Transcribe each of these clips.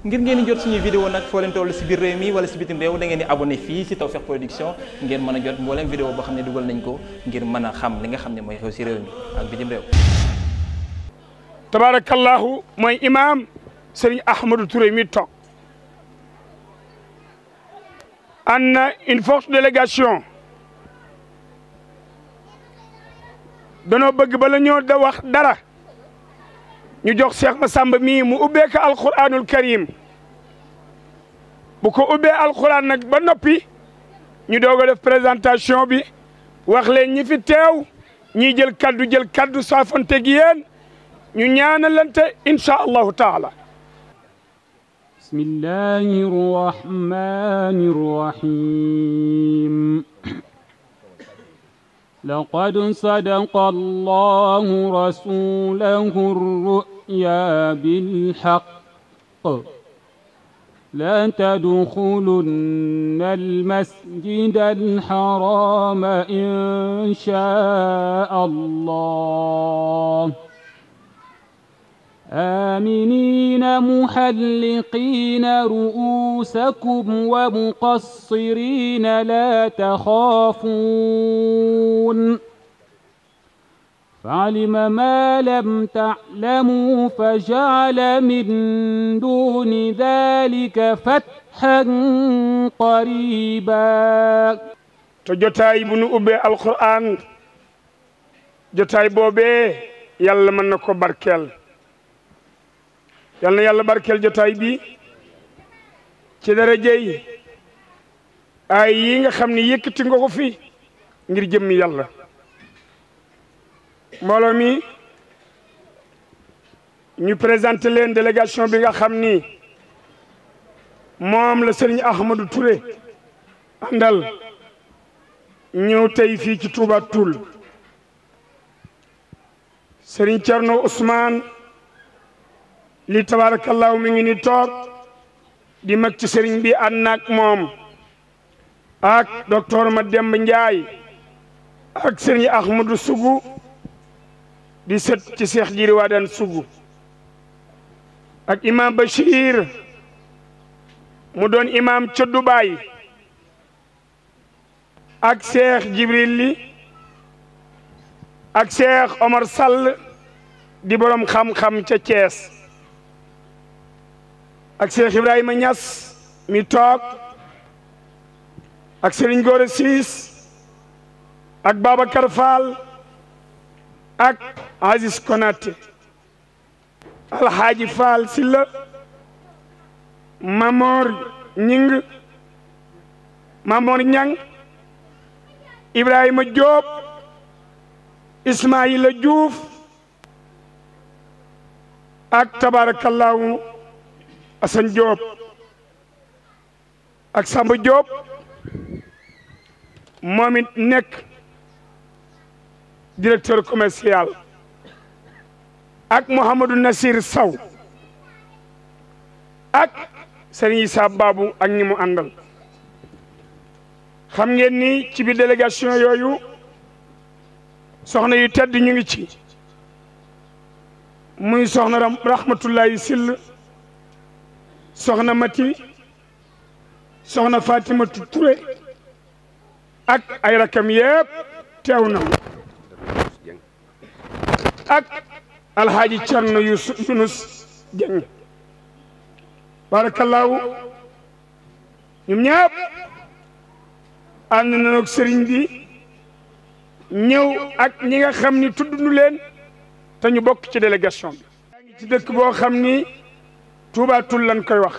ngir ngeen di jot suñuy vidéo nag foo leen toll si biir réew mi wala si bitim réew da ngeen di abonné fii si Tawfekh Production ngeen mën a jot mbooleem vidéo boo xam ne dugal nañ ko ngir mën a xam li nga xam ne mooy xew si réew mi ak bitim réew tabarakallahu mooy imaam Serigne Ahmadou Touré mi toog am na une forte délégation danoo bëgg bala ñoo da wax dara ñu jox Cheikh sàmba mii mu ubbee ko alquranul bu ko ubbee alquran nag ba noppi ñu doog def présentation bi wax leen ñi fi teew ñiy jël kaddu jël kaddu saafonte gi yéen ñu ñaanalante incha allahu taala bismillahi rahmani لقد صدق الله رسوله الرؤيا بالحق لا تدخلن المسجد الحرام إن شاء الله آمنين محلقين رؤوسكم ومقصرين لا تخافون فعلم ما لم تعلموا فجعل من دون ذلك فتحا قريبا تجتاي بن أبي القرآن جتاي بوبي يلا من نكو بركل yal na yàlla barkeel jotaay bi ci daraja yi ay yi nga xam ni yëkkati nga ko fi ngir jëmm yàlla mbooloo mi ñu présenté leen délégation bi nga xam ni moom la sëriñ Ahmadou Touré àndal ñëw tey fii ci Touba Toul sëriñ Thierno Ousmane lii tabaarakallaahu mi ngi ni toog di mag ci sëriñ bi ànd naag moom ak docteur Mademba Njaay ak sëriñ Ahmadou Sougou di sët ci Cheikh Jiri Wadane Sougou ak imam Bachir mu doon imam ca Dubaay ak Cheikh Jibril li ak Cheikh Omar Sall di borom xam-xam ca Thiès ak Cheikh Ibrahima Niass mi toog ak Serigne Gora Siis ak Babacar Fall ak Aziz Konaté Alxaaji Fall Silla Mamor Ñing Mamor Ñang Ibrahima Diop Ismaïla Diouf ak tabarakallahu Assane Diop ak Samba Diop moom it nekk directeur commercial ak Mouhamadou Nassir saw ak Serigne Issa Babou ak ñi mu àndal xam ngeen ni ci biir délégation yooyu soxna yu tedd ñu ngi ci muy soxna Rahmatullahi sil soxna Mati soxna Fatimatu Touré ak ay rakam yëpp teew na ak alxaaji Cerno Yunus Jeng barakallaahu ñoom ñëpp ànd nañu ak sëriñ bi ñëw ak ñi nga xam ni tudd nu leen te ñu bokk ci délégation bi yaa dëkk boo xam ni Touba Toul lañ koy wax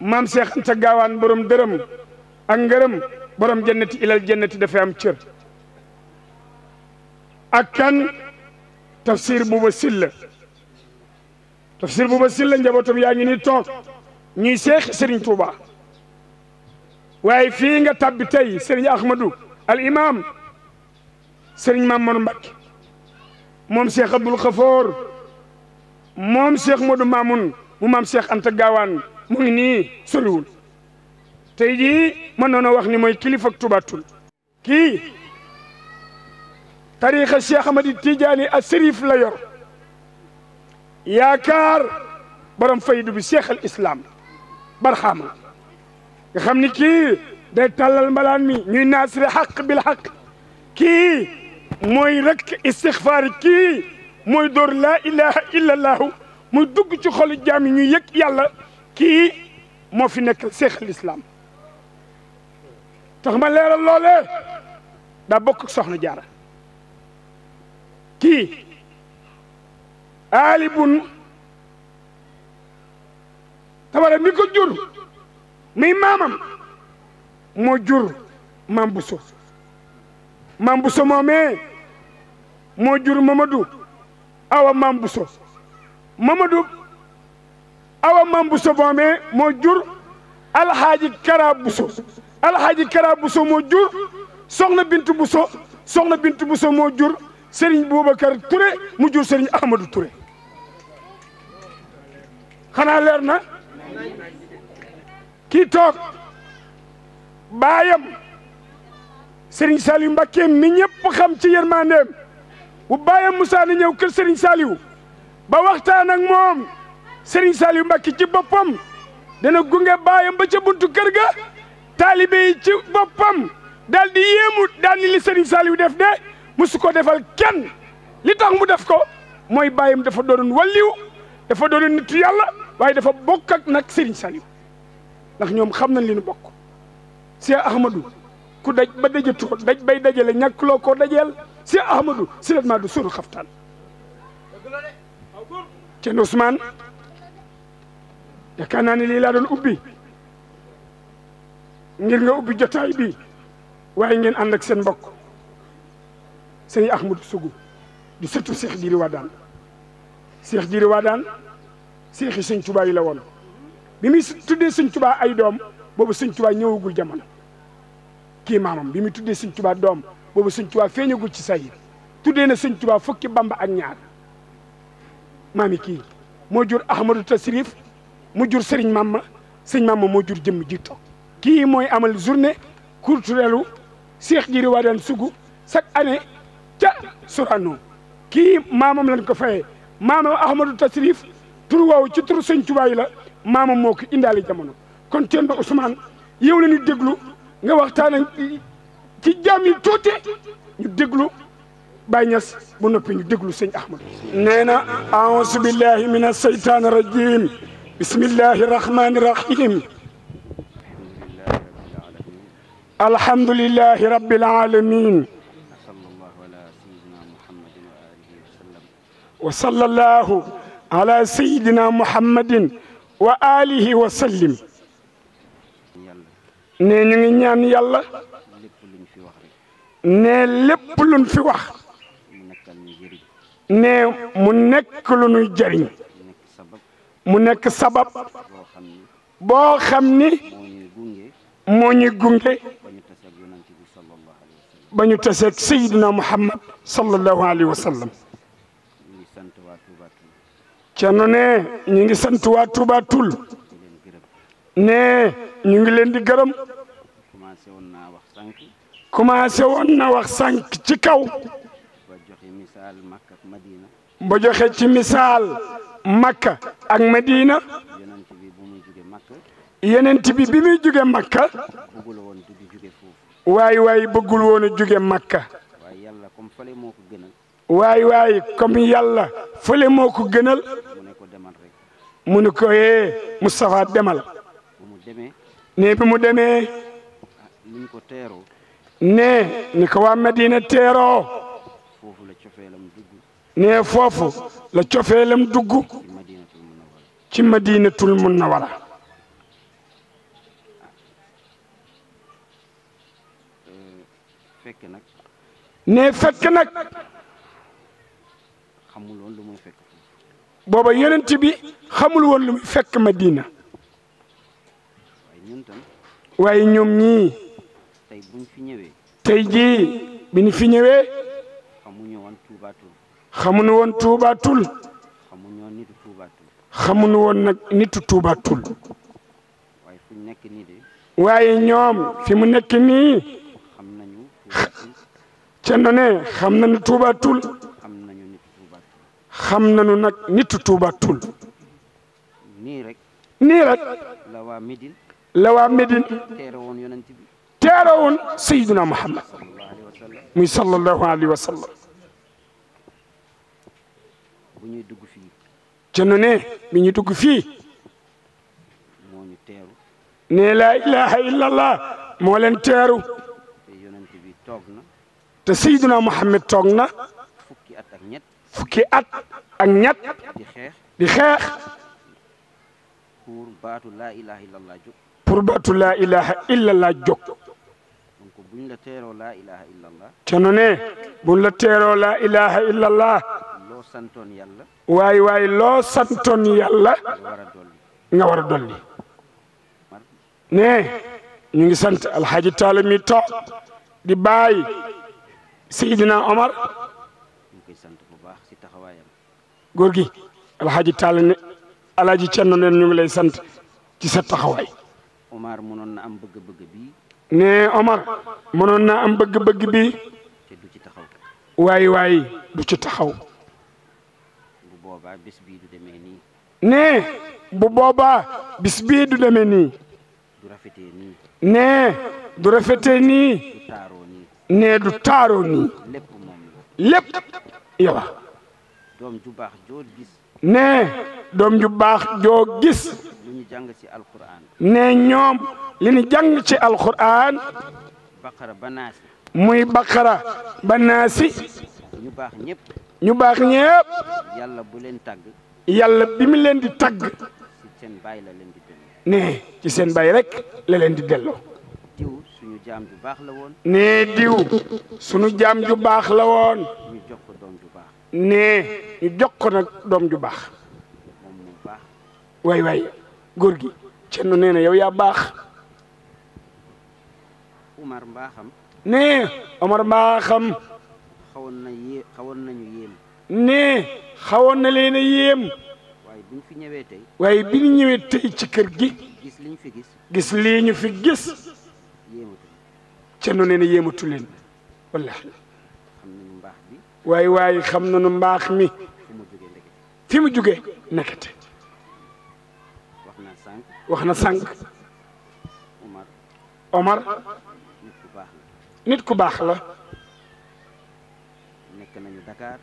maam Cheikh Anta Gaawaan borom dërëm ak ngërëm borom jannati ilal jannati dafay am cër ak kan tafsir buuba silla tafsir buuba silla njabootam yaa ngi ni toog ñuy seex Serigne Touba waaye fii nga tabbi tey Serigne Ahmadou al imam Serigne Mamadou Mbacké moom Cheikh Abdoul Khafour moom Cheikh Modou Mamoun mu maam Cheikh Anta Gaawaan mu ngi nii soriwul tey jii mën noona wax ni mooy kilifa Touba Toul kii tariixa Cheikh Amadi Tidiane a Serif la yor yaakaar borom faydu bi Cheikh al Islam barxaama nga xam ni kii day tàllal mbalaan mi ñuy naasre xaq bil xaq kii mooy rek istixfaar kii mooy dóor laa ilaha illallahu muy dugg ci xolu jaam yi ñu yëg yàlla kii moo fi nekk seex al tax ma leeral loolee daa bokk ak soxna jaara kii aalibun tabara mi ko jur muy maamam moo jur maam buso maam buso moomee moo jur mamadou awa maam Bousso Mamadou awa maam Bousso boomee moo jur alxaaji bu Bousso alxaaji Kara Bousso moo jur soxna Bintu Bousso soxna Bintu Bousso moo jur Serigne Boubacar Touré mu jur Serigne Ahmadou Touré xanaa leer na kii toog baayam Serigne Saliou Mbacké mi ñëpp xam ci yërmandeem bu baayam Moussa na ñëw kër Serigne saaliw ba waxtaan ak moom Serigne Saliou Mbacké ci boppam dana gunge baayam ba ca buntu kër ga taalibe yi ci boppam daal di yéemu daal ni li Serigne Saliou def de musu ko defal kenn li tax mu def ko mooy baayam dafa doonoon walliw dafa doonoon nitu yàlla waaye dafa bokk ak nag Serigne Saliou ndax ñoom xam nañ li ñu bokk Cheikh Ahmadou ku daj ba dajatoo daj bay dajale ñàkk loo ko dajeel si ahmadou silat ma du suuru xaftaan ceerno ousmane yaakaar naa ne lii laa doon ubbi ngir nga ubbi jotaay bi waaye ngeen ànd ak seen mbokk sëñ ahmadou sugu di sëtu seex jiri waadaan seex jiri waadaan seexi sëñ tubaa yi la woon bi muy tuddee sëñ tubaa ay doom boobu sëñ tubaa ñëwagul jamono kii maamam bi muy tuddee sëñ tubaa doom boobu sëñ Tuubaa feeñagul ci sayir tuddee na sëñ Tuubaa fukki bamba ak ñaar maami kii moo jur ahmadou tasrif mu jur sëriñ mamma sëñ mamma moo jur jëmm ji toog kii mooy amal journée culturelu Cheikh Jiri Wadane Sougou chaque année ca Sorano kii maamam lañ ko fayee maamam ahmadou tasrif tur ci tur sëñ la maamam moo ki indaale jamono kon Thierno Ousmane yow la ñu déglu nga waxtaan ci jaam yi tuuti ñu déglu Baay bu noppi ñu déglu sëñ Ahmad nee na aousu billahi min alseytaan rajim bismillahi rahmani rahim alhamdulillahi nee ñu ngi ñaan yàlla ne lépp luñ fi wax ne mu nekk lu nuy jariñ mu nekk sabab boo xam ni moo ñuy gunge ba ñu taseeg sayiduna muhammad sallallahu alayhi wa sallam Cerno ne ñu ngi sant waa Tuuba Tuul ne ñu ngi leen di gërëm commencé woon na wax sànq ci kaw ba joxe ci misaal makka ak madina yenent bi bi muy jóge makka waay waay bëggul woon a jóge makka waay waay comme yàlla fale moo ko gënal mu ne ko yee eh, Moustapha demal ne bi mu demee ah, ni mu ko teeroo ne ni ko waa Medina teeroo ne foofu la cofeelam dugg ci Madinatul Munawara ne fekk nag booba yonent bi xamul woon lu muy fekk Madina waaye ñoom ñii tey bu ñu fi ñëwee. tey jii bi ñu fi ñëwee. xamuñu woon Touba Toul. xamuñu woon Touba Toul. xamuñu woon nitu Touba Toul. woon nag nitu Touba Toul. waaye nekk nii de. waaye ñoom fi mu nekk nii. xam nañu Touba Toul. ca noonee xam nañu Touba Toul. nañu nitu nañu nag nitu Touba Toul. nii rek. nii rek. teere woon sayyiduna Muhammad muy sallallahu alayhi wa sallam ca nu ne bi ñu dugg fii ne laa ilaha illallah moo leen teeru te sayyiduna Muhammad toog na fukki at ak ñett di xeex pour baatu laa ilaha illallah jóg baatu laa ilaha illallah buñ la teeroo laa ilaha illallah. te nu ne buñ la teeroo laa ilaha illallah. loo santoon yàlla. waay waay loo santoon yàlla. nga war a dolli. ne ñu ngi sant alxaaji taala mi toog di bàyyi Seydina Omar. góor gi alxaaji taala ne alaaji cenno neen ñu ngi lay sant ci sa taxawaay. ne Omar mënoon naa am bëgg-bëgg bi waaye waaye du ci taxaw ne bu boobaa bis bii du demee nii ne du rafetee nii ne du taaroo nii lépp yow ne doom ju baax joo gis ne ñoom li ñu jàng ci alquran baqara ba naasi muy baqara ba ñu baax ñëpp ñu baax ñëpp yàlla bu leen tàgg yàlla bi mu leen di tàgg ci seen la leen nee ci seen bàyyi rek la leen di delloo diw suñu jaam ju baax la woon nee diw suñu jaam ju baax la woon ñu jox doom ju baax nee ñu jox ko nag doom ju baax moom mu góor gi cenn nee na yow yaa baax Omar Mbaxam. nee Omar Mbaxam. xawoon na yé xawoon nañu yéem. nee xawoon na leen a yéem. waaye bi ñu fi ñëwee tey. waaye bi ñëwee ci kër gi. gis li fi gis. gis lii ñu fi gis. yéematu. ca nu ne ne yéematu leen wallaahi. xam nañu mbaax bi. waaye waaye xam nañu mbaax mi. fi mu jógee nekkate. wax na sànq. wax na sànq. Omar. nit ku baax la. nekk nañu Dakar.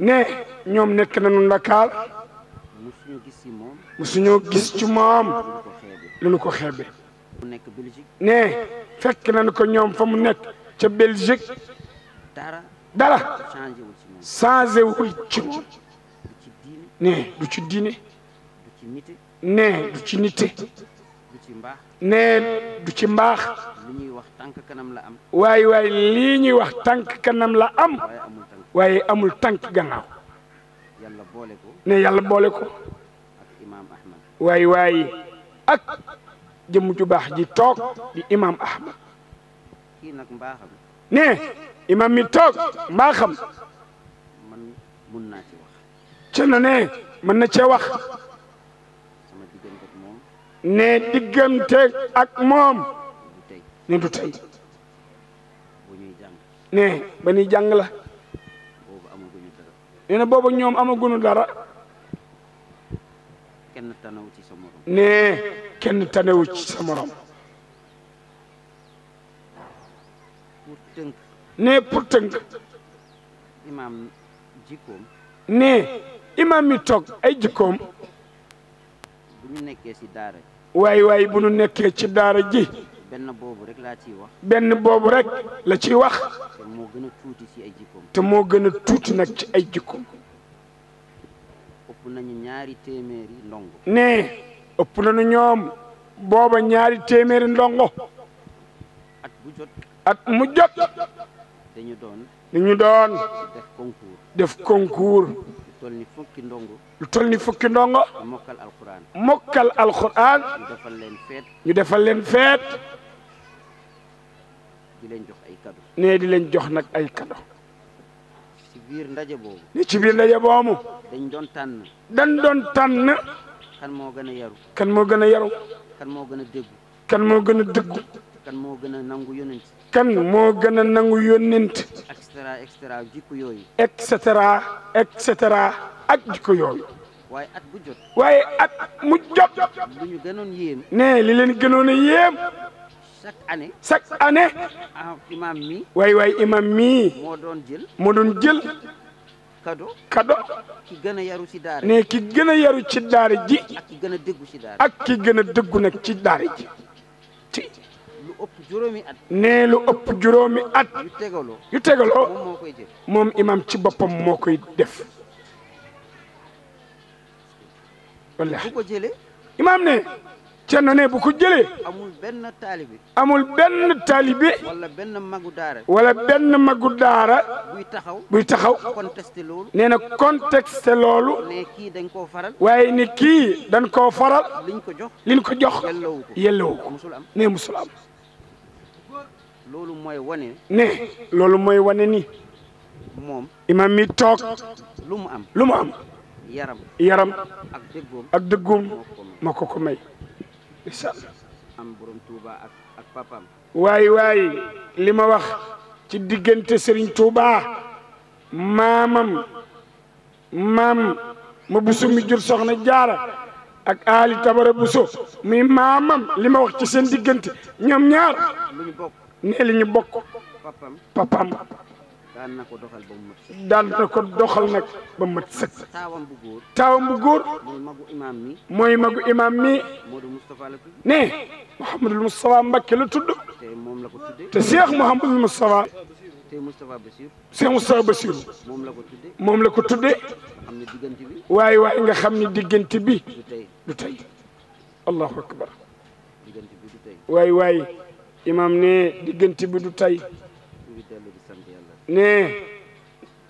ne ñoom nekk nañu Dakar. musuñu gis ci moom. musuñu gis ci moom. lu nu ko xeebe. nekk Belgique. ne fekk nañu ko ñoom fa mu nekk ca Belgique. dara dara changé wul ci moom. ne du ci diine. ne du ci nite. ci mbaax. ne du ci mbaax waaye waaye lii ñuy wax tànk kanam la am waaye amul tànk gannaaw ne yàlla boole ko waaye waaye ak jëmm ju baax ji toog di imaam Ahmad ne imaam mi toog mbaaxam ca na ne mën na cee wax ne digganteeg ak moom ne du tey ne ba ñuy jàng la nee na boobu ci amaguñu dara ne kenn tanewu ci sa morom ne pour tënk ne imaam mi toog ay jikkoom ñu nekkee ci daara waay waay bu ñu nekkee ci daara ji. benn boobu rek laa ciy wax. benn boobu rek la ciy wax. te moo gën a tuuti ci ay jikkoom. te moo gën tuuti nag ci ay jikko ëpp nañu ñaari téeméeri ndongo. nee ëpp nu ñoom booba ñaari téeméeri ndongo. at mu jot. dañu doon. dañu doon. def concours. def concours. toll ni fukki ndongo. lu toll ni fukki ndongo. mokkal alquran. mokkal alquran. ñu defal leen feet. ñu defal leen feet. di leen jox ay kado. nee di leen jox nag ay kado. ci biir ndaje boobu. ci biir ndaje boobu. dañ doon tànn. dañ doon tànn. kan moo gën a yaru. kan moo gën a yaru. kan moo gën a déggu. kan moo gën a déggu. moo gën nangu yónent. cetera et cetera jikko yooyu. et cetera et ak jikko yooyu. waaye at bu jot. waaye at mu jot. lu ñu gënoon yéem. nee a yéem. année. chaque année. ah mi. waay waay imaam mi. moo doon jël. moo doon jël. kado kado. ki gën a yaru ci daara. nee ki gën a yaru ci daara ji. ak ki gën a dëggu ci daara. ak ki gën a dëggu nag ci daara ji. lu ëpp juróomi at. nee lu ëpp juróomi at. yu tegaloo yu tegaloo. moom moo ci boppam moo koy def. wallaahi bu ko jëlee. imam ne. Cerno ne bu ko jëlee. amul benn taalibi. amul benn taalibi. wala magu daara. wala benn magu daara. buy taxaw buy taxaw. contesté loolu. nee na contesté loolu. kii dañ koo faral. waaye ni kii dan koo faral. liñ ko jox liñ ko jox. yelloo ko yelloo ko. musul nee musul am. loolu mooy wane. ne loolu mooy wane ni. moom imaam mi toog. lu mu am lu mu am. yaram yaram. ak dëggoom ak dëggoom moo ko ko may. incha allah. am ak ak papaam. waay waay li ma wax ci diggante sëriñ Touba maamam maam ma busu mi jur soxna jaara ak Ali Tabara Buso muy maamam li ma wax ci seen diggante ñam ñaar. lu bokk. nee li ñu bokk papaam daan na ko doxal ba mu mat sëkk daan na nag ba mu mat sëkk taawam bu góor taawam bu góor mooy magu imaam mi mooy magu imaam mi Modou Moustapha la tudd ne Mouhamadul Moustapha Mbacké la tudd te moom la ko tuddee te Cheikh Mouhamadul Moustapha te Moustapha Bassirou Cheikh Moustapha Bassirou moom la ko tuddee moom la ko tuddee xam ne diggante bi waaye waaye nga xam ni diggante bi du tey du tey allahu akbar waaye waaye imam ne diggante bi du tey ne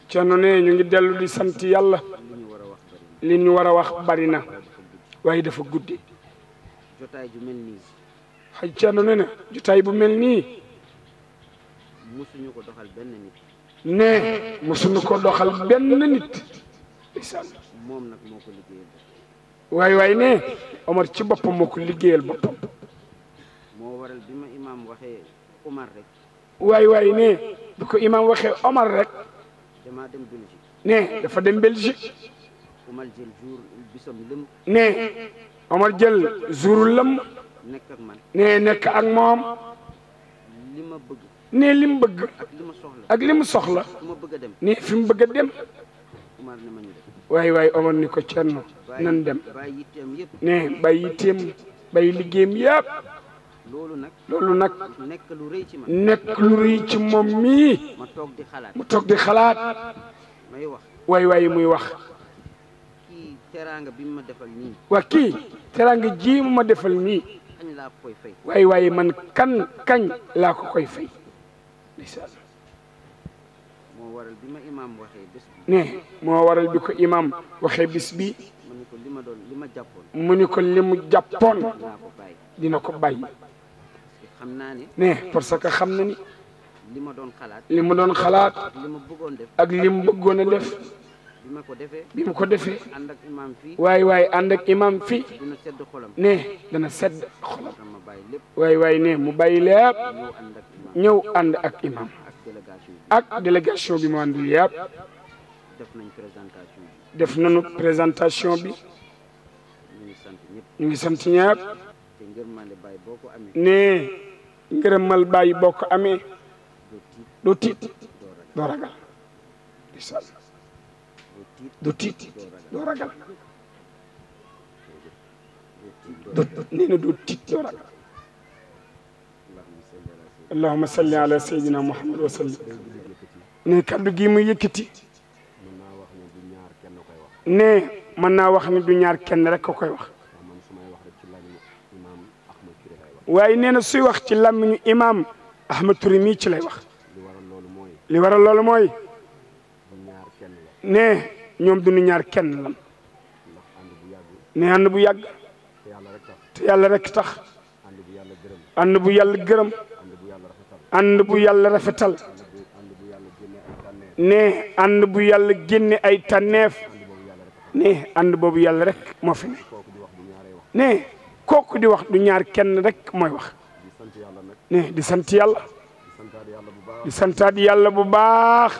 Cerno ne ñu ngi dellu di sant yàlla li ñu war a wax bari na waaye dafa guddi jotaay ju mel nii xaj Cerno ne ne jotaay bu mel nii musuñu ko doxal benn nit ne musuñu ko doxal benn nit moom nag moo ko liggéeyal waaye waaye ne Omar ci boppam moo ko liggéeyal boppam waxee Omar rek. waay waay ne bi ko imam waxee Omar rek. damaa dem Belgique. dafa dem Belgique. Omar jël jour bisam lëm. ne Omar jël jour lëm. nekk nekk ak moom. li ma bëgg. ne li mu bëgg. ak li soxla ak li mu soxla. fi bëgg a dem ne fi mu bëgg dem. Omar ne ma ñu waay waay Omar ni ko Thierno nan dem. bàyyi yitteem yitteem bàyyi liggéeyam yëpp. loolu nag loolu nag nekk lu rëy ci man nekk ci moom mii. ma toog di xalaat mu toog di xalaat. may wax waay waay muy wax. kii teraanga bi ma defal nii. waa kii teraanga ji ma defal nii. kañ laa koy fay. waay waay man kan kañ laa ko koy fay. moo waral bi ma imaam waxee ne moo waral bi ko imaam waxee bés bi. mu ni ko li ma doon li ma jàppoon. mu ni ko mu jàppoon. dina ko bàyyi. xam naa ne ne parce que xam na ni li ma doon xalaat li ma doon xalaat li ma bëggoon def ak li mu bëggoon a def bi ma ko defee bi ma ko defee ànd ak imam fii waaye waaye ànd ak imam fii dina sedd xolam ne dana sedd xolam waaye waaye ne mu bàyyi lépp ñëw ànd ak imam ak délégation bi mu àndul yàpp def nañ présentation def nañu présentation bi ñu ngi sant ñëpp ñu ngi sant ñëpp ne ngërëmal bàyyi bokk amee doo tiit doo ragal di sàll doo tiit doo ragal doo doo tiit doo ragal allahuma salli ala sayyidina muhammad wa sallim ne kaddu gii muy yëkkati ne mën naa wax ni du ñaar kenn rek ko koy wax waaye nee na suy wax ci làmmiñu imaam Ahmad Touré mii ci lay wax li war a loolu mooy ne ñoom duñu ñaar kenn lan ne ànd bu yàgg te yàlla rek tax ànd bu yàlla gërëm ànd bu yàlla rafetal ne ànd bu yàlla génne ay tànneef ne ànd boobu yàlla rek moo fi kooku di wax du ñaar kenn rek mooy wax ne di sant yàlla di santaat yàlla bu baax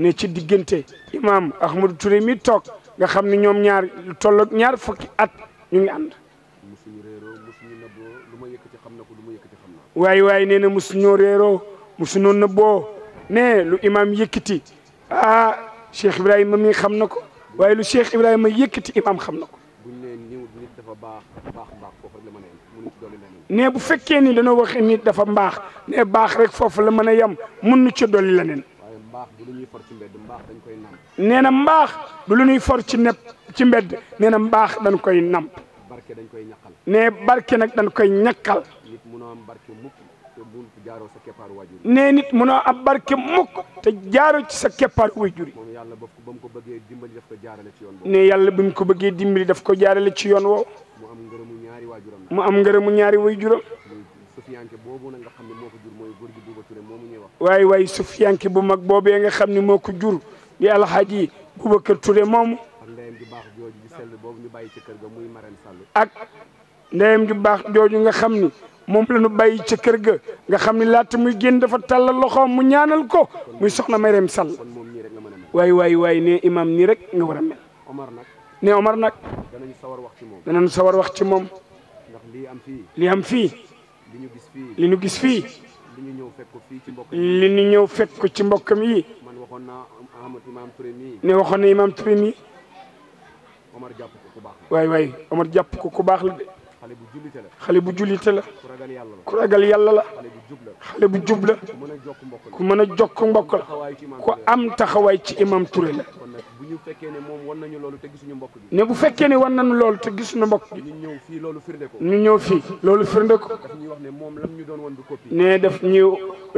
ne ci diggante imaam Ahmadou Touré mi toog nga xam ne ñoom ñaar tolloog ñaar fukki at ñu ngi ànd waaye waaye nee na mosuñoo réeroo mosuñoo nëbboo ne lu imaam yëkkati ah Cheikh Ibrahima mi xam na ko waaye lu Cheikh Ibrahima yëkkati imaam xam na ko. ne bu fekkee ni dañoo waxe nit dafa mbaax ne baax rek foofu la mën a yem mun nu ci dolli leneen. nee na mbaax du lu ñuy for ci nepp ci mbedd nee na mbaax dañ koy namp. ne barke nag dañ koy ñakkal. nee nit munoo am barke mukk te jaaro ci sa keppaaru waajur yi ne yàlla bi mu ko bëggee dimbali daf ko jaarale ci yoon woowu mu am ngërëmu ñaari waajuram waaye waaye sufiyanke bu mag boobee nga xam ne moo ko jur di alxaaji Boubacar Touré moomu ak ndeyam ju baax jooju nga xam ni moom la ñu bàyyi ca kër ga nga xam ni laata muy génn dafa tàllal loxoom mu ñaanal ko muy soxna may Mariam Sall waay waay waay ne imam nii rek nga war a mel ne Omar nag danañ sawar wax ci moom li am fii li nu gis fii li ñu ñëw fekk ko ci mbokkam yi ne waxoon na imam Touré mii waay waay Omar jàpp ko ku baax la xale bu jullite la xale bu jullite la ku ragal yàlla la ku ragal yàlla la xale bu jub la ku mën a jokk mbokk la am taxawaay ci imam Touré ne moom wan nañu loolu te gisuñu mbokk bi ne bu fekkee ne wan nañu loolu te gisuñu mbokk bi ñëw fii loolu firnde ko ñu ñëw fii loolu firnde ko daf ne moom lam ñu doon wan du copie ne daf ñu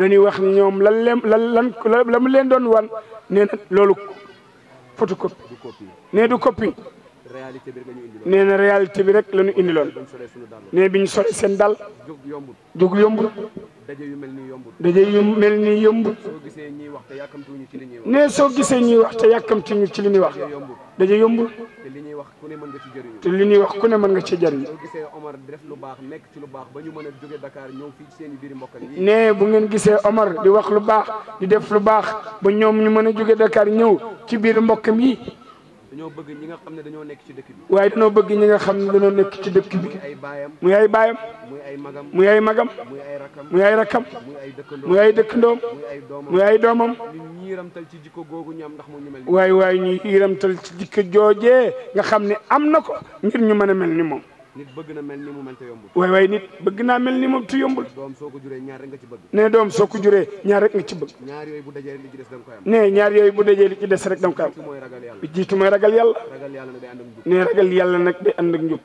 dañuy wax ñoom la leen lan lan la mu leen doon wan nee na loolu photocopie ne du copie nee na réalité bi rek la ñu indiloon nee bi ñu sore seen dal jóg yombul daje yu mel ni yombul daje yu mel ni yombul nee soo gisee ñuy wax te yàkkamtuñu ci li ñuy wax daje yombul te li ñuy wax ku ne mën nga ci jëriñu ba ñu mën a nee bu ngeen gisee Omar di wax lu baax di def lu baax ba ñoom ñu mën a jóge Dakar ñëw ci biir mbokkam yi dañoo bëgg ñi nga xam ne dañoo nekk ci dëkk waaye dañoo bëgg ñi nga xam ne dañoo nekk ci dëkk bi muy ay baayam muy ay baayam muy ay magam muy ay magam muy ay rakkam muy ay dëkk ndoom ay dëkkandoom muy ay doomam ñu yiramtal ci jikko googu ñu am ndax mu ñu mel ni waaye waaye ñu yiramtal ci jikko joojee nga xam ne am na ko ngir ñu mën a mel ni moom nit bëgg na mel ni mu mel nit bëgg naa mel ni moom te yombul. doom doom soo ko juree ñaar rek nga ci bëgg. ñaar ñaar yooyu bu dajee li ci des rek da nga koy jiitu mooy ragal yàlla jiitu ragal yàlla. ragal njub.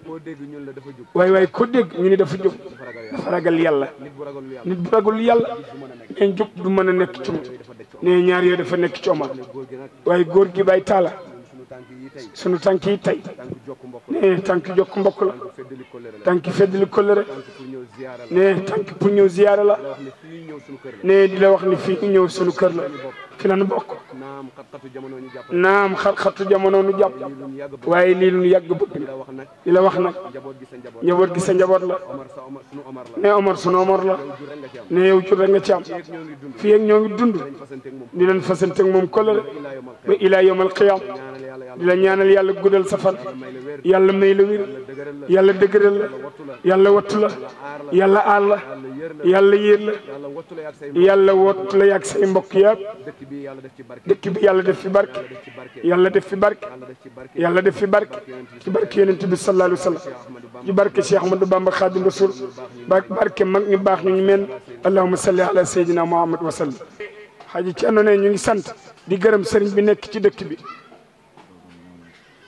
la dafa jub. waay waay koo du mën a nekk ci moom. ñaar yooyu dafa nekk ci waaye góor gi taala sunu tànk yi tey nee tànk jokk mbokk la tànk feddali kollëre nee tànk pour ñëw ziyaara la nee di la wax ni fii ñu ñëw sunu kër la ci lañu bokk naam xat-xatu jamono nu jàpp waaye lii lu ñu yàgg bëgg la li la wax nag njaboot gi sa njaboot la ne Omar sunu Omar la ne yow jur rek nga ci am fii ak ñoo ngi dund di leen fasanteeg moom kolere ba ilaa yawmal qiyaam di la ñaanal yàlla guddal sa fan yàlla may la wér yàlla dëgëral la yàlla wattu la yàlla aar la yàlla yéer la yàlla wattu la yàgg say mbokk yëpp dëkk bi yàlla def fi barke yàlla def fi barke yàlla def fi barke ci barke yonent bi sallallahu wa sallam ci barke Cheikh Ahmadou Bamba Khadim Rasoul barke mag ñu baax ñu ñu mel allahumma salli ala Muhammad wa sallam ci andona ñu ngi sant di gërëm sëriñ bi nekk ci dëkk bi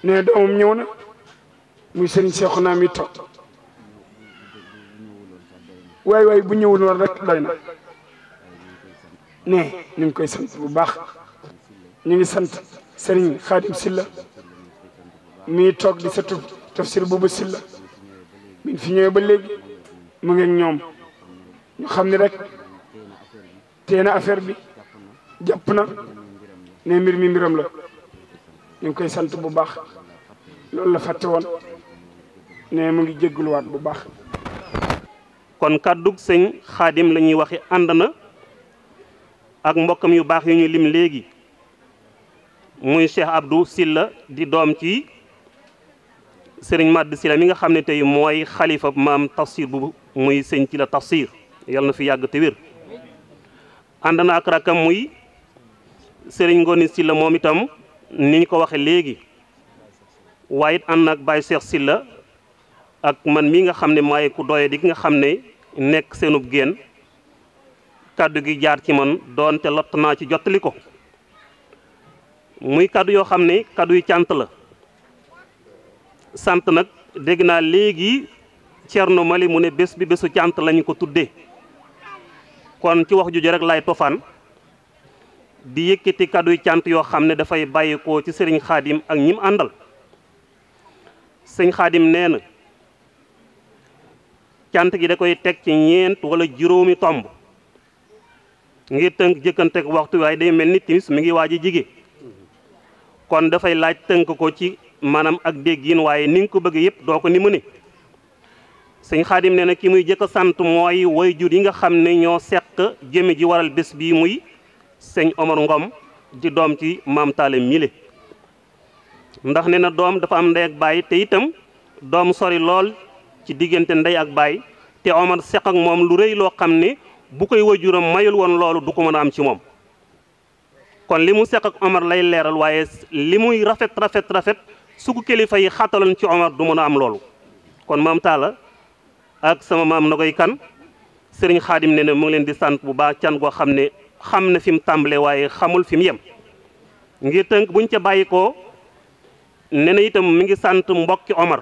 ne doomam ñëw na muy sëriñ Cheikhouna mi toog waay waay bu ñëwul war rek doy na ne ñu ngi koy sant bu baax ñu ngi sant Serigne Khadim Silla mii toog di sa tub tafsir boobu Silla min fi ñëwee ba léegi mu ngi ñoom ñu xam ni rek tee na affaire bi jàpp na ne mbir mi mbiram la ñu ngi koy sant bu baax loolu la fàtte woon ne mu ngi jégguluwaat bu baax kon kàddug sëñ Xaadim la ñuy ànd na ak mbokkam yu baax yu ñu lim léegi muy Cheikh Abdou Silla di doom ci sëriñ màdd Silla mi nga xam ne tey mooy xalifa maam tafsir bu muy sëñ ci la tafsir yàlla na fi yàgg te wér ànd na ak rakkam muy sëriñ Ngoni Silla moom itam ni ñu ko waxe léegi waaye it ànd na ak Baye Cheikh Silla ak man mii nga xam ne maay ku doye di nga xam ne nekk seenub génn kàddu gi jaar ci man doonte lott naa ci jottali ko muy kàddu yoo xam ne kàddu yu cant la sant nag dégg naa léegi Cerno Mali mu ne bés bi bésu cant lañu ko tuddee kon ci wax juju rek lay tofaan di yëkkati kàddu yu cant yoo xam ne dafay bàyyikoo ci sëriñ xaadim ak ñim àndal sëñ xaadim nee na cant gi da koy teg ci ñeent wala juróomi tomb ngir tënk jëkkanteeg waxtu waaye day mel ni timis mi ngi waaj a jige kon dafay laaj tënk ko ci maanaam ak déggin waaye ni ko bëgge yëpp doo ko ni mu ne sëñ xaadim nee na ki muy jëkk sant mooy way jur yi nga xam ne ñoo seq jëme ji waral bés bii muy sëñ Omar Ngom ji doom ci maam taale mile ndax ne na doom dafa am ndey ak baay te itam doom sori lool ci diggante ndey ak baay te Omar seq ak moom lu rëy loo xam ne bu koy wajuram mayul woon loolu du ko mën a am ci moom kon li mu seq ak Omar lay leeral waaye li muy rafet rafet rafet su ko kilifa yi xaataloon ci Omar du mën a am loolu kon maam Talla ak sama maam na koy kan sëriñ xaadim ne ne mu ngi leen di sant bu baax can goo xam ne xam na fi mu tàmbalee waaye xamul fi mu yem ngir tënk buñ ca bàyyi ko ne na itam mi ngi sant mbokki Omar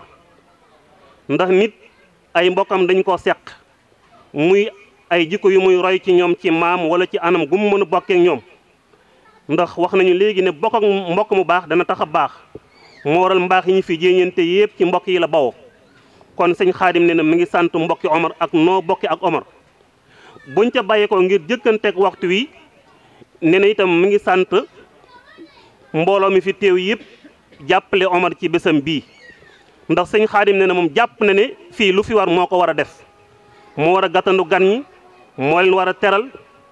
ndax nit ay mbokkam dañ koo seq muy ay jikko yu muy roy ci ñoom ci maam wala ci anam gu mu mën bokkee ñoom ndax wax nañu léegi ne bokk ak mbokk mu baax dana tax a baax moo waral mbaax yi ñu fi jéeñante yépp ci mbokk yi la bawoo kon sëñ xaadim ne na mi ngi sant mbokki omar ak noo bokki ak omar buñ ca bàyyee ko ngir jëkkanteeg waxtu wi nena na itam mi ngi sant mbooloo mi fi teew yépp jàppale omar ci bésam bii ndax sëñ xaadim ne na moom jàpp na ne fii lu fi war moo ko war a def moo war a gàttandu moo leen war a teral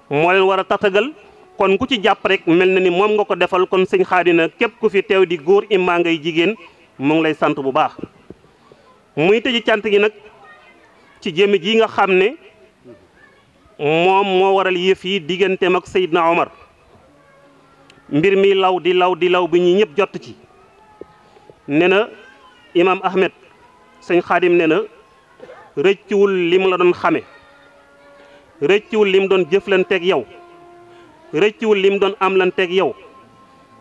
moo leen war a tatagal kon ku ci jàpp rek mel na ni moom nga ko defal kon sëñ xaadi na képp ku fi teew di góor imaa ngay jigéen mu ngi lay sant bu baax muy tëji cant gi nag ci jëmmi ji nga xam ne moom moo waral yëf yi digganteem ak Seydina Omar mbir mi law di law di law bi ñu ñëpp jot ci ne na imaam Ahmed sëñ xaadim ne na rëccuwul li mu la doon xame li mu doon jëflanteeg yow li mu doon am amlanteeg yow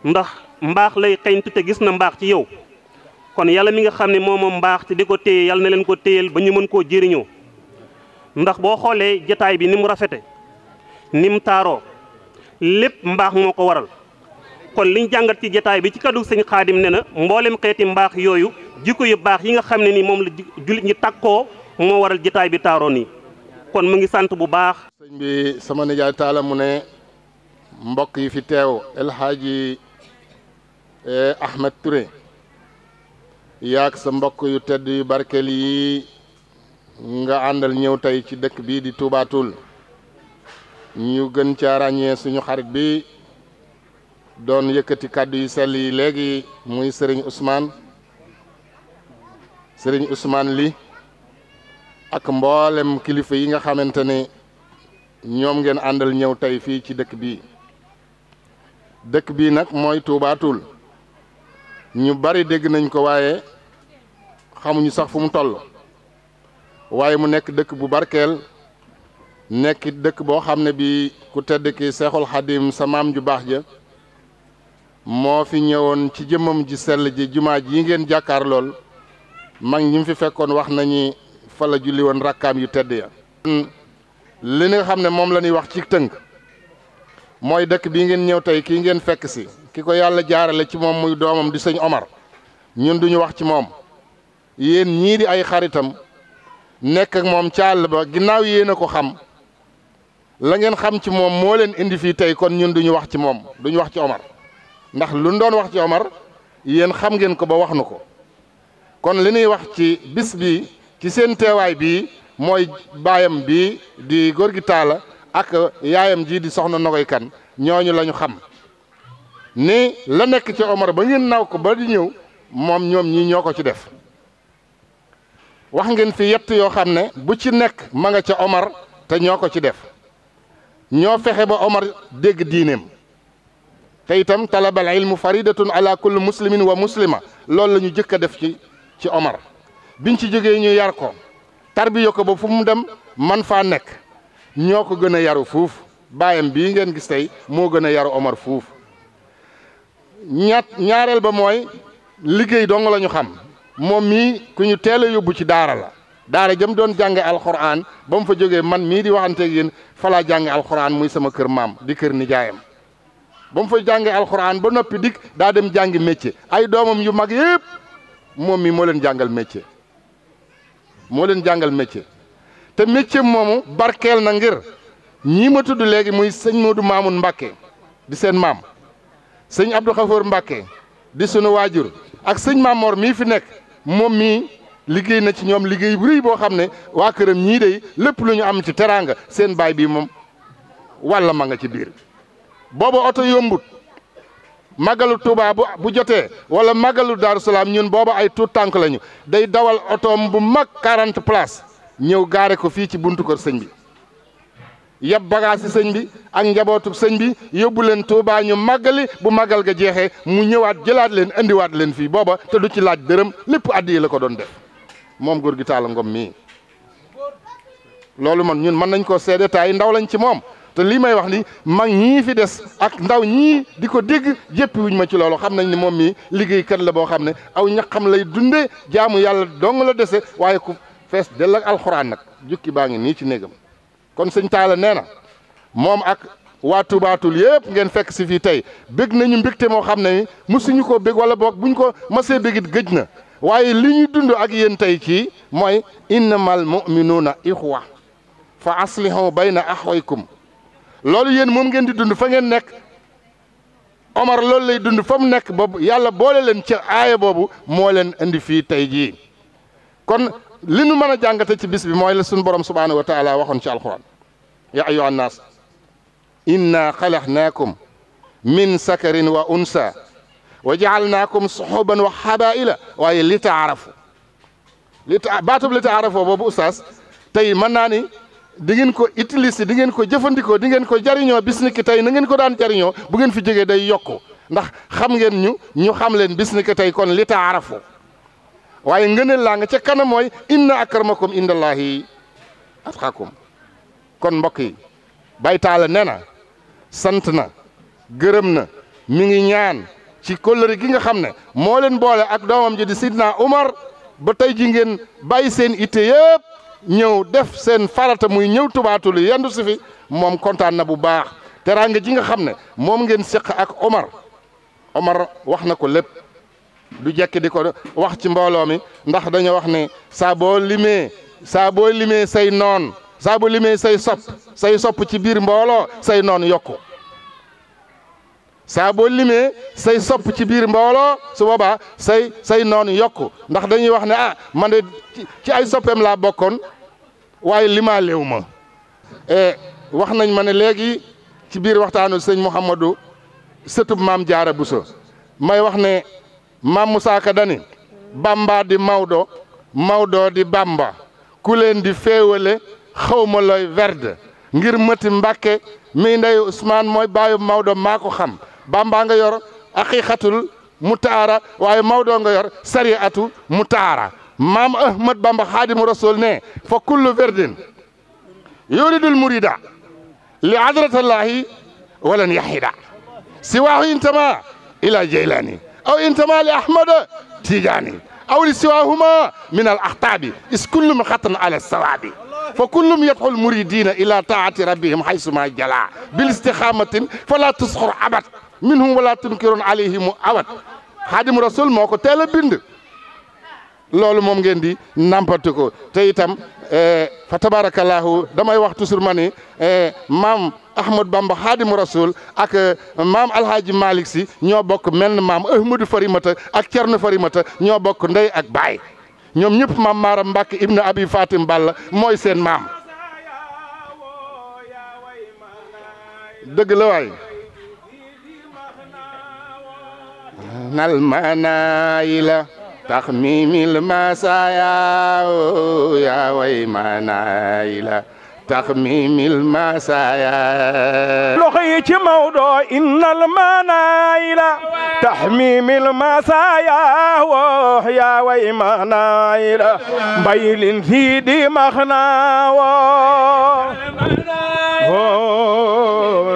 ndax mbaax lay xeñtu te gis na mbaax ci yow kon yàlla mi nga xam ne moo moom mbaax te di ko téye yàlla na leen ko téyel ba ñu mën koo jëriñoo ndax boo xoolee jataay bi ni mu rafete ni mu taaroo lépp mbaax moo ko waral kon liñ jàngat ci jataay bi ci kaddu sëñ xaadim ne na mboolem xeeti mbaax yooyu jikko yu baax yi nga xam ne ni moom la jullit ñi takkoo moo waral jataay bi taaroo nii kon mu ngi sant bu baax. sëñ bi sama nijaay taala mu ne mbokk yi fi teew El Hadji eh, Ahmed Touré yaag sa mbokk yu tedd yu barkeel yi nga àndal ñëw tey ci dëkk bii di tuubaatul ñu gën caa ràññee suñu xarit bi doon yëkkati kàddu yu sell yi léegi muy sëriñ usmaan sëriñ Ousmane li ak mboolem kilifa yi nga xamante ne ñoom ngeen àndal ñëw tey fii ci dëkk bii dëkk bii nag mooy tuubaatul ñu bari dégg nañ ko waaye xamuñu sax fu mu toll waaye mu nekk dëkk bu barkeel nekk dëkk boo xam ne bi ku tedd ki Seexul Xadim sa maam ju baax ja moo fi ñëwoon ci jëmmam ji sell ji jumaa ji yi ngeen jàkkaar lool mag ñi fi fekkoon wax nañu fa la julli woon rakkaam yu tedd ya hmm. li nga xam ne moom la ñuy wax ci tënk mooy dëkk bii ngeen ñëw tey kii ngeen fekk si ki ko yàlla jaarale ci moom muy doomam di sëñ Omar ñun duñu wax ci moom yéen ñii di ay xaritam nekk moom ca àll ba ginnaaw yéen a ko xam la ngeen xam ci moom moo leen indi fii tey kon ñun duñu wax ci moom duñu wax ci Omar ndax lu doon wax ci Omar yéen xam ngeen ko ba wax nu ko kon li ñuy wax ci bis bi ci seen teewaay bii mooy baayam bi di góor gi taala ak yaayam ji di soxna Nogoy Kan ñooñu lañu xam ni la nekk ci Omar ba ngeen naw ko ba di ñëw moom ñoom ñi ñoo ko ci def wax ngeen fi yett yoo xam ne bu ci nekk ma nga ca Omar te ñoo ko ci def ñoo fexe ba Omar dégg diineem te itam talabal ilmu faridatun ala kulli muslimin wa muslima loolu la ñu jëkk a def ci ci Omar biñ ci jógee ñu yar ko tarbiyo ko ba fu mu dem man faa nekk ñoo ko gën a yaru fuuf baayam bii ngeen gis tey moo gën a yaru Omar fuuf ñaat ñaareel ba mooy liggéey dong la ñu xam moom mii ku ñu teel a yóbbu ci daara la daara jëm doon jànge alxuraan ba mu fa jógee man mii di waxante yéen falaa jànge alxuraan muy sama kër maam di kër nijaayam ba mu fa jànge alxuraan ba noppi dikk daa dem jàngi métier ay doomam yu mag yëpp moom mii moo leen jàngal métier moo leen jàngal métier te métier moomu barkeel na ngir ñii ma tudd léegi muy sëñ Modou Mamoun Mbakke di seen maam sëñ Abdou Khafour Mbakke di sunu waajur ak sëñ Mamor mii fi nekk moom mii liggéey na ci ñoom liggéey bu boo xam ne waa këram ñii de lépp lu ñu am ci teraanga seen baay bii moom walla ma nga ci biir booba oto yombut. màggalu Touba bu bu jotee wala màggalu Daaru Salaam ñun booba ay tuut tànk lañu day dawal otoom bu mag 40 places ñëw gaare ko fii ci buntu kër sëñ bi. yab bagage si sëñ bi ak njabootu sëñ bi yóbbu leen Touba ñu màggali bu magal ga jeexee mu ñëwaat jëlaat leen indiwaat leen fii booba te du ci laaj dërëm lépp àddi yi la ko doon def moom góor gi Talla Ngom mii. loolu man ñun mën nañ koo seede taay ndaw lañ ci moom. te lii may wax ni mag ñii fi des ak ndaw ñii di ko dégg jéppi wuñ ma ci loolu xam nañ ne moom mii liggéeykat la boo xam ne aw ñaqam lay dunde jaamu yàlla dong la dese waaye ku fees dell ak alxuraan nag jukki baa ngi nii ci néegam kon sëñ Talla nee na moom ak waa tubaatul yëpp ngeen fekk si fii tey bég nañu mbégte moo xam ne musuñu ko bég wala boog buñ ko masee bégit gëj na waaye li ñuy dund ak yéen tey ci mooy innamal muminuuna ixwa fa aslihu bayna axwaykum loolu yéen moom ngeen di dund fa ngeen nekk Omar loolu lay dund fa mu nekk ba yàlla boole leen ci aaya boobu moo leen indi fii tey jii kon li nu mën a jàngate ci bis bi mooy la suñu borom subhaanahu wa taala waxoon ci alxuraan ya ayyuhan naas inna xalaxnaakum min sakarin wa unsa wa jaalnaakum suxuban wa xabaila waaye li taarafu li ta baatub li taarafu boobu ustaas tey mën naa ni di ngeen ko utiliser di ngeen ko jëfandikoo di ngeen ko jariñoo bis ni tey na ngeen ko daan jariñoo bu ngeen fi jógee day yokku ndax xam ngeen ñu ñu xam leen bis ni tey kon li taarafu waaye ngëneel laa nga ca kanam mooy inna akramakum indallahi atqakum kon mbokk yi Baye Talla nee na sant na gërëm na mi ngi ñaan ci kóllëre gi nga xam ne moo leen boole ak doomam ji di Sidna Umar ba tey ji ngeen bàyyi seen itte yëpp ñëw def seen farata muy ñëw tubaatul yendu si fi moom kontaan na bu baax teraanga ji nga xam ne moom ngeen séq ak Omar Omar wax na ko lépp du jekk di ko wax ci mbooloo mi ndax dañoo wax ne saaboo boo limee saa limee say noon saa boo limee say sopp say sopp ci biir mbooloo say noon yokku saa boo limee say sopp ci biir mbooloo su boobaa say say noonu yokku ndax dañuy wax ne ah man ci ay soppeem laa bokkoon waaye limaa léew ma eh, wax nañ ma ne léegi ci biir waxtaanu sëñ Mouhamadou sëtub maam Jaara Buso may wax ne maam Moussa Ka dani Bamba di Maodo Maodo di bàmba ku leen di féewale xawma looy werde ngir mëti Mbàkke mi ndeyu Ousmane mooy baayu Maodo maa ko xam bamba nga yor aqiqatul mutaara waaye mawdo nga yor sariatu mutaara maam ahmad bamba xaadimu rasul ne fa kullu verdin yuridul murida li hadratallahi walan yahida siwahu intama ila jeylani aw intama li ahmada tijaani aw li siwahuma min al axtaabi is kullum xatan ala sawaabi fa kullum yadxul muridina ila taati rabbihim haysuma jala bil istixamatin fala tusxur abad minhum wala tunkiroon alayhimu awat xaadim rasul moo ko teel a bind loolu moom ngeen di nampatu ko te itam eh, fa tabarakallahu damay wax toujours ma ni eh, maam Ahmad Bamba xaadim rasul ak eh, maam Alhaji Malick si ñoo bokk menn maam Ahmadou Farimata ak Cerno Farimata ñoo bokk ndey ak baay ñoom ñëpp maam Maaram Mbàkke ibnu Abi Fatim Balla mooy seen maam dëgg nal manaila taxmimil masaya oh, ya way manaila taxmimil masaya loxo yi ci mawdo innal manaila taxmimil masaya wo oh, ya way manaila mbaylin siidi maxna wo oh,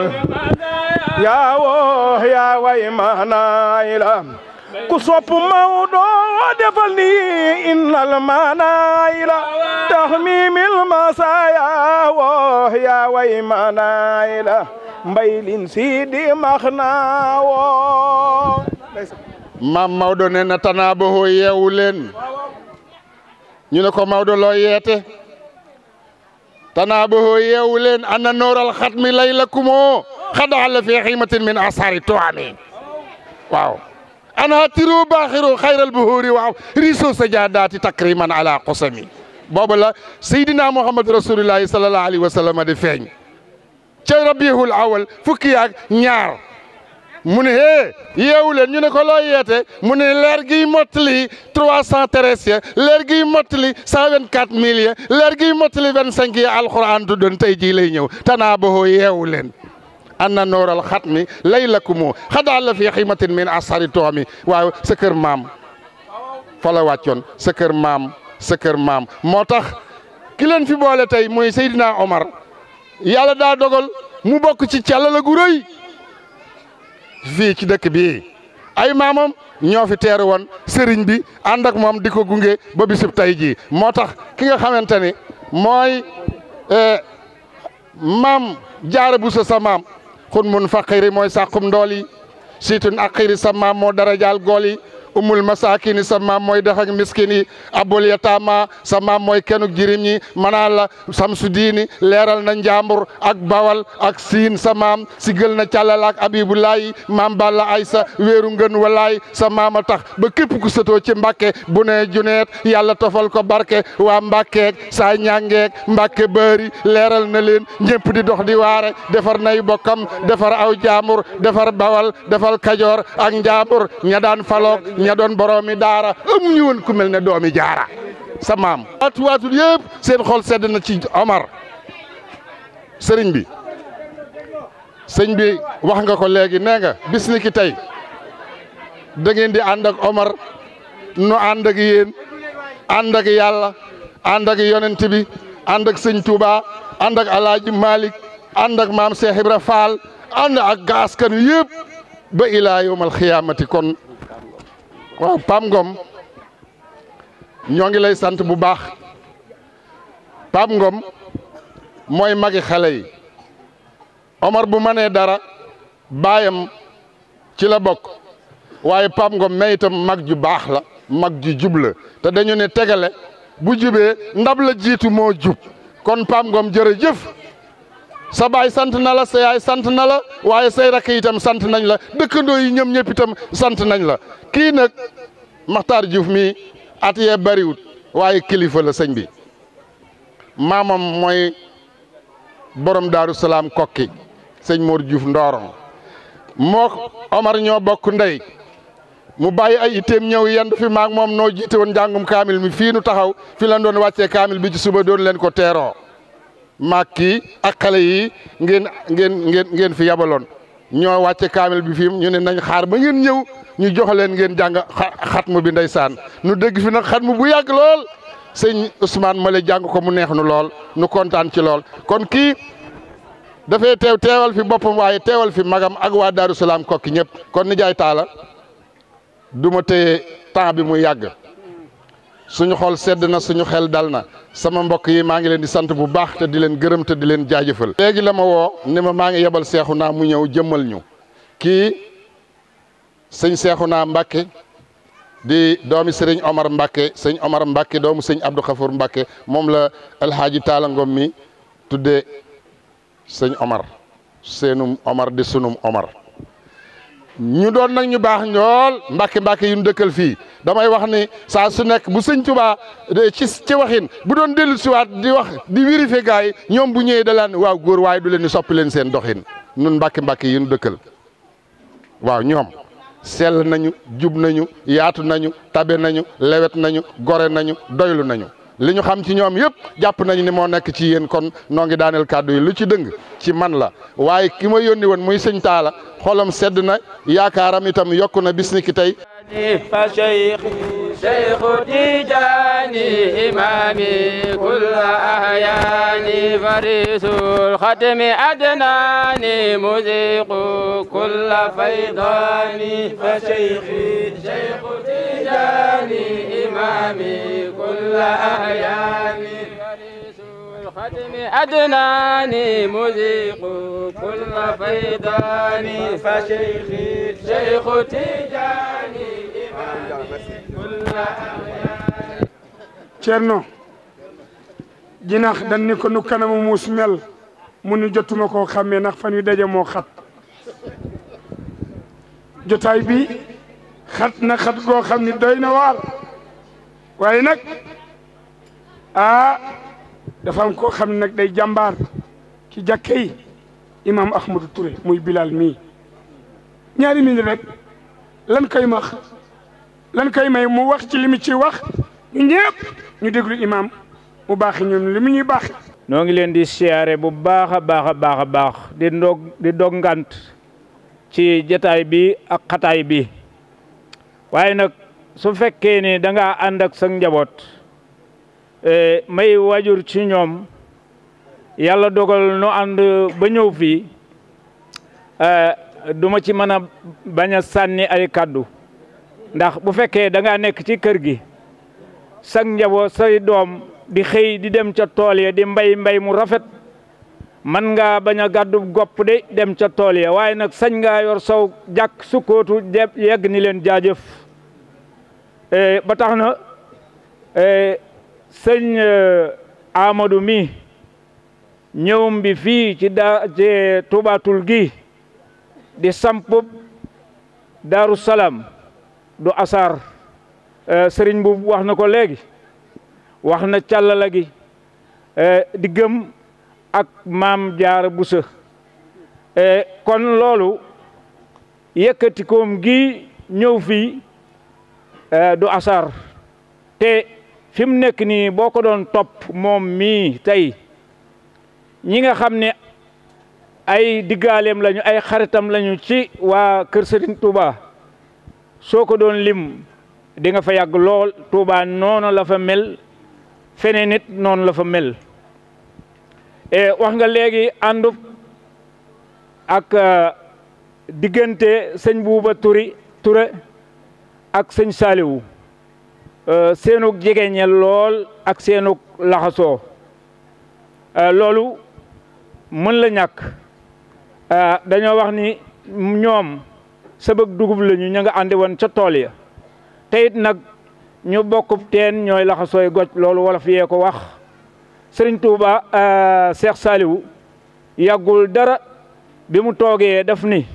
yaa woo yaa way maanaay la ku defal ni innal maanaay la tahmimil masaaya woo yaa way maanaay la mbaylin siidi maam Maodo nee na tanaa yeewu leen ñu ne ko Maodo loo yeete tanaabahu yeewu leen ana nooral xat mi lay la kumoo xada la fi ximatin min asaari tuami waaw ana tiru baaxiru xayral buhuuri waaw riiso sajaadaati takriman ala qusami boobu la Seydina Muhammad rasulillahi sallallahu alayhi wa sallam di feeñ ca rabiihul awal fukki ak ñaar mu ne hee yeewu leen ñu ne ko loo yeete mu ne leer gi mottali trois cent treize ya leer giy mottali cent vingt quatre mille ya leer gi mottali vingt cinq ya alxuraan du tey jii lay ñëw tanaa boo yeewu leen anna nooral xat mi lay lakku moo xadaa la fi ximatin min asari toomi waaw sa kër maam fa la wàccoon sa kër maam sa kër maam moo tax ki leen fi boole tey mooy Seydina Omar yàlla daa dogal mu bokk ci càllala gu rëy fii ci dëkk bii ay maamam ñoo fi teeru woon sëriñ bi ànd ak moom di ko gunge ba bisub tey jii moo tax ki nga xamante ni mooy eh, maam jaare bu sa sa maam xun mun faqiri mooy sàqum ndool yi siitun aqiri sa maam moo dara darajaal gool yi umul masakini sa maam mooy dex ak miskin yi abul yataama sa maam mooy kenuk jirim ñi manaa la samsu diini leeral na njaambur ak bawal ak siin sa maam sigël na càllal ak abibulaay maam balla ay sa wéeru ngën walaay sa maam a tax ba képp ku sëtoo ci mbàkke bu ne juneet yàlla tofal ko barke waa mbàkkeek saa ñàngeek mbàkke bëri leeral na leen ñëpp di dox di waare defar nay bokkam defar aw jaambur defar bawal defal kajoor ak njaambur ña daan ña doon boroomi daara amuñu woon ku mel ne doomi jaara sa maam waatu waatul yëpp seen xol sedd na ci Omar sëriñ bi sëñ bi wax nga ko léegi nee nga bis ki tey dangeen di ànd ak Omar nu ànd ak yéen yàlla ànd yonenti yonent bi ànd ak sëñ Touba ànd Alaaji Malick ànd maam Cheikh Ibra Fall ànd ak gaaskan yëpp ba ilaa xiyaamati kon waaw Pape Ngom ñoo ngi lay sant bu baax Pape Ngom mooy magi xale yi Omar bu ma nee dara baayam ci la bokk waaye Pape ngoom mais mag ju baax la mag ju jubla te dañu ne tegale bu jubee ndab la jiitu moo jub kon Pape Ngom jërëjëf sa baay sant nala la sa sant nala waaye say rakk itam sant nañ la dëkkandoo yi ñoom ñëpp sant nañ la kii nag Makhtar Diouf mii at yee bariwut waaye kilifa la sëñ bi maamam mooy borom daaru salaam kokki sëñ Mor Diouf Ndorong moo Omar bokk ndey mu bàyyi ay itteem ñëw yendu fi maag moom noo jiite woon njàngum kaamil mi fii nu taxaw fi lan doon wàccee kaamil bi ci suba doon leen ko teeroo maag kii ak xale yi ngeen ngeen ngeen ngeen fi yabaloon ñoo wàcce kaamil bi fii ñu ne nañ xaar ba ngeen ñëw ñu jox leen ngeen jàng xatmu bi ndeysaan nu dégg fi nag xatmu bu yàgg lool sëñ Ousmane Male jàng ko mu neex nu lool nu kontaan ci lool kon kii dafay teew teewal fi boppam waaye teewal fi magam ak waa Daaru Salaam kokki ñëpp kon ni jaay taala du ma téye bi muy yàgg suñu xol sedd na suñu xel dal na sama mbokk yi maa ngi leen di sant bu baax te di leen gërëm te di leen jaajëfal. léegi la ma woo ne ma maa ngi yebal seexu naa mu ñëw jëmmal ñu kii sëñ seexu naa Mbacke di doomi sëriñ Omar Mbacke sëñ Omar Mbacke doomu sëñ Abdou Khafour Mbacke moom la El Hadji Talla Ngom mi tuddee sëñ Omar seenum Omar di sunum Omar. ñu doon nag ñu baax ñool mbàkki mbàkki yu ñu dëkkal fii damay wax ni saa su nekk bu sëñ Tuubaa eh, ci ci waxin bu doon dellu siwaat di wax di vérifier gars yi ñoom bu ñëwee da laan waaw góor waaye du leen di soppi seen doxin nun mbàkki mbàkki yu ñu dëkkal waaw ñoom sel nañu jub nañu yaatu nañu tabe nañu lewet nañu gore nañu doylu nañu li ñu xam ci ñoom yëpp jàpp nañu ni moo nekk ci yéen kon noo ngi daaneel kàddu yi lu ci dëng ci man la waaye ki ma yónni woon muy sëñ taala xolam sedd na yaakaaram itam yokku na bis ni ki tey شيخ تيجاني إمامي كل أحياني فريس الختم أدناني مزيق كل فيضاني فشيخي شيخ تيجاني إمامي كل أحياني ختم أدناني مذيق كل فيضاني فشيخي شيخ تيجاني Cerno jinax dañ ni ko nu kanamu muus mel mu ni jotuma koo xàmmee ndax fan yu daje moo xat jotaay bi xat na xat goo xam ni doy na waar waaye nag aa dafa am koo xam ne nag day jàmbaar ci jàkke yi imaam Ahmadou Touré muy Bilal mii ñaari minute rek lan koy max lan koy may mu wax ci li mu ci wax ñu ñëpp ñu déglu imaam mu baax ñun li mu ñuy baaxi noo ngi leen di siyaare bu baax a baax a baax a baax di ndog di dog ngant ci jataay bi ak xataay bi waaye nag su fekkee ni da ànd ak sa njaboot e, may waajur ci ñoom yàlla dogal nu ànd ba ñëw fii e, du ma ci mën a bañ a sànni ay kàddu ndax bu fekkee danga nekk ci kër gi sag njaboot say doom di xëy di dem ca tool ya di mbay mbay mu rafet man ngaa bañ a gàddu gopp de dem ca tool ya waaye nag sañ ngaa yor sow jàkk sukkootu yegg ni leen jaajëf e, ba tax na e, sëñ e, Amadou mi ñëwum bi fii ci daa ci Tuubaatul gi di sampub Daaru Salaam du asaar eh, sëriñ bu wax na ko léegi wax na càllala gi eh, di gëm ak maam jaara busa eh, kon loolu yëkkatikoom gi ñëw fii du asaar te fi mu nekk nii boo ko doon topp moom mii tey ñi nga xam ne ay diggaaleem lañu ay xaritam lañu ci waa kër sëriñ Touba soo ko doon lim di nga fa yàgg lool Touba noonu la fa mel feneen nit noonu la fa mel e, wax nga léegi àndub ak e, diggante sëñ Buuba Turi Ture ak sëñ Saaliwu e, seenug jegeñe lool ak seenug laxasoo loolu mën la ñàkk dañoo wax ni ñoom sabëg dugub lañu ñu ña nga àndi woon ca tool ya te nag ñu bokkub teen ñooy laxasooy goj loolu wolof yee ko wax sëriñ Touba Cheikh Saliou yàggul dara bi mu toogee daf ni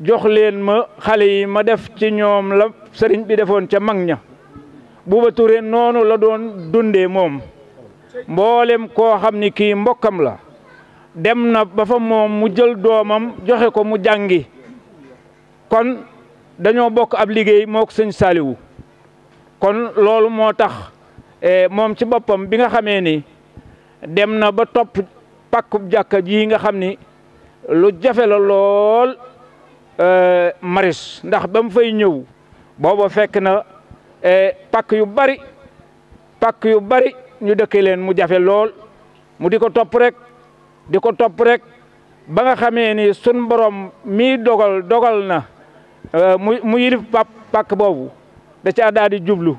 jox leen ma xale yi ma def ci ñoom la sëriñ bi defoon ca mag ña Buuba Touré noonu la doon dundee moom mboolem koo xam ni kii mbokkam la dem na ba moom mu jël doomam joxe ko mu jàngi kon dañoo bokk ab liggéey moo ko sëñ saaliwu kon loolu moo tax eh, moom ci boppam bi nga xamee ni dem na ba topp pàkkub jàkka ji nga xam ni lu jafe la lool eh, maris ndax ba mu fay ñëw booba fekk na eh, pàkk yu bari pàkk yu bari ñu dëkke leen mu jafe lool mu di ko topp rek di ko topp rek ba nga xamee ni sun borom mii dogal dogal na Euh, mu mu yilif pàkk boobu da caa daal jublu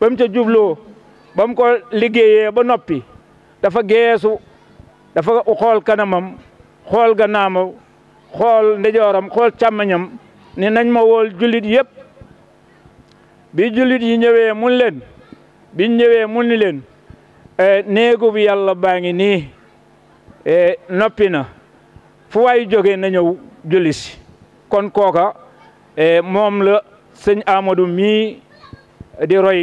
ba mu ca jubloo ba mu ko liggéeyee ba noppi dafa geesu dafa xool kanamam xool gannaamam xool ndejooram xool càmmañam ni nañ ma wool jullit yépp bi jullit yi ñëwee mun leen biñ ñëwee mun ni leen eh, néegu bi yàlla baa ngi nii eh, noppi na fu waay jógee na ñëw julli kon kooka Eh, moom la sëñ amadu mii di roy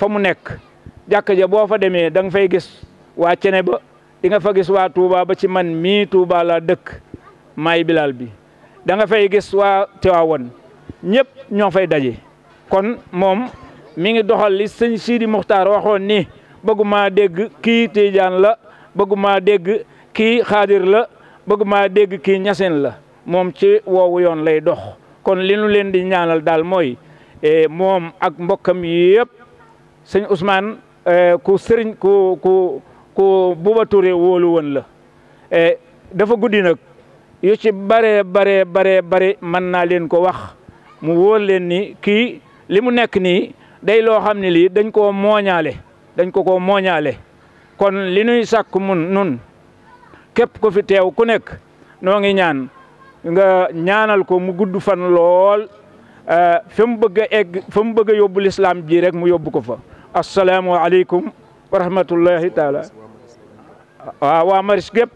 fa mu nekk jàkka ja boo fa demee danga nga fay gis waa cene ba dinga fa gis waa Touba ba ci man mii Touba laa dëkk maay bilal bi da nga fay gis waa Tiwaawan ñépp ñoo fay daje kon moom mi ngi doxal li sëñ Sidi Muxtaar waxoon ni bëgguma dégg ki Tijaan la bëgguma dégg kii Xaadir la bëgguma dégg ki ñasin la moom ci woowu yoon lay dox kon li nu leen di ñaanal daal mooy eh, moom ak mbokkam yépp sëñ usmaan eh, ku sëriñ ku ku ku Bouba Touré woon la eh, dafa guddi nag yu ci bare bare bare bare mën naa leen ko wax mu wóor leen ni kii li mu nekk nii day loo xam ne lii dañ koo mooñaale dañ ko koo mooñaale kon li nuy sàkk mun nun képp ku fi teew ku nekk noo ngi ñaan nga ñaanal ko mu gudd fan lool eh, fa mu bëgg egg fa mu bëgg yóbbu lislaam ji rek mu yóbbu ko fa asalaamualeykum wa rahmatullahi taala waaw waa maris gépp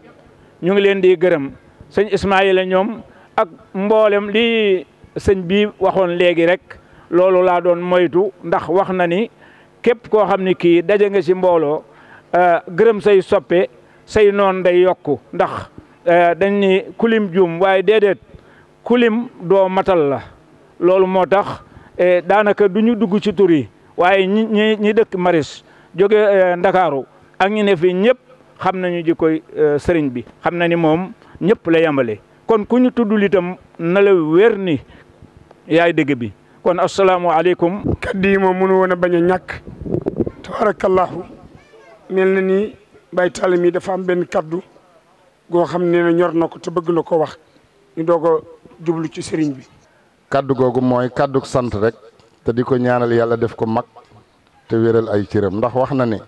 ñu ngi leen di gërëm sëñ Ismaayila ñoom ak mboolem lii sëñ bi waxoon léegi rek loolu laa doon moytu ndax wax na ni képp koo xam ni kii daje nga si mbooloo eh, gërëm say soppe say noon day yokku ndax Eh, dañ ni kulim juum waaye déedéet kulim doo matal la loolu moo tax eh, daanaka du ñu dugg ci tur yi waaye ñi ñi dëkk maris jóge eh, ndakaaru ak ñi ne fii ñëpp xam nañu ji koy sëriñ bi xam na ni moom ñëpp la yembale kon ku ñu tuddul itam na la wér ni yaay dëgg bi kon asalaamaaleykum kaddu yi moom mënu woon bañ a ñàkk tabarakallahu mel na ni Baye Tall mi dafa am benn kaddu koo xam ne ñor na ko te bëgg na ko wax ñu doog jublu ci sëriñ bi. kàddu googu mooy kàddu sant rek te di ko ñaanal yàlla def ko mag te wéral ay cëram ndax wax na ni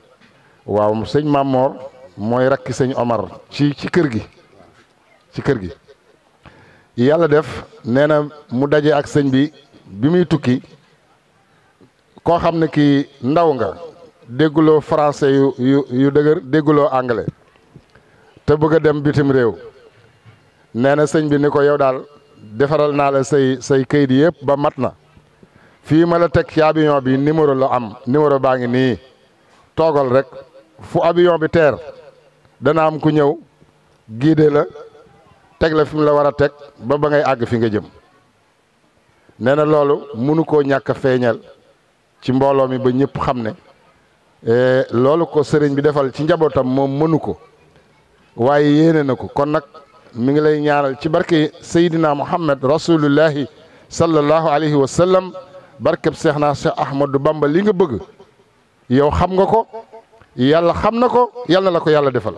waaw sëñ Mamor mooy rakki sëñ Omar ci ci kër gi ci kër gi. yàlla def nee na mu daje ak sëñ bi bi muy tukki koo xam ne kii ndaw nga dégguloo français yu yu yu dëgër dégguloo anglais. te bëgg a dem bitim réew nee na sëñ bi ni ko yow daal defaral naa la say say kayit yëpp ba mat na fii ma la teg ci avion bi numéro la am numéro baa ngi nii toogal rek fu avion bi teer dana am ku ñëw guidé la teg la fi mu la war a teg ba ba ngay àgg fi nga jëm nee na loolu mënu koo ñàkk feeñal ci mbooloo mi ba ñëpp xam ne eh, loolu ko sëriñ bi defal ci njabootam moom mënu ko waaye yéene na ko kon nag mi ngi lay ñaanal ci barke Seydina Muhammad rasulullahi sallallahu alayhi wa sallam barkeb seex naa Seex Ahmadou Bamba li nga bëgg yow xam nga ko yàlla xam na ko yàlla la ko yàlla defal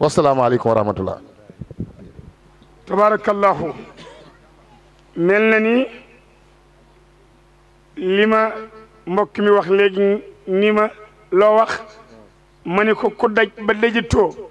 wasalaamaaleykum wa rahmatullah tabarakallahu mel na ni li ma mbokk mi wax léegi ni ma loo wax ma ko ku daj ba dajatoo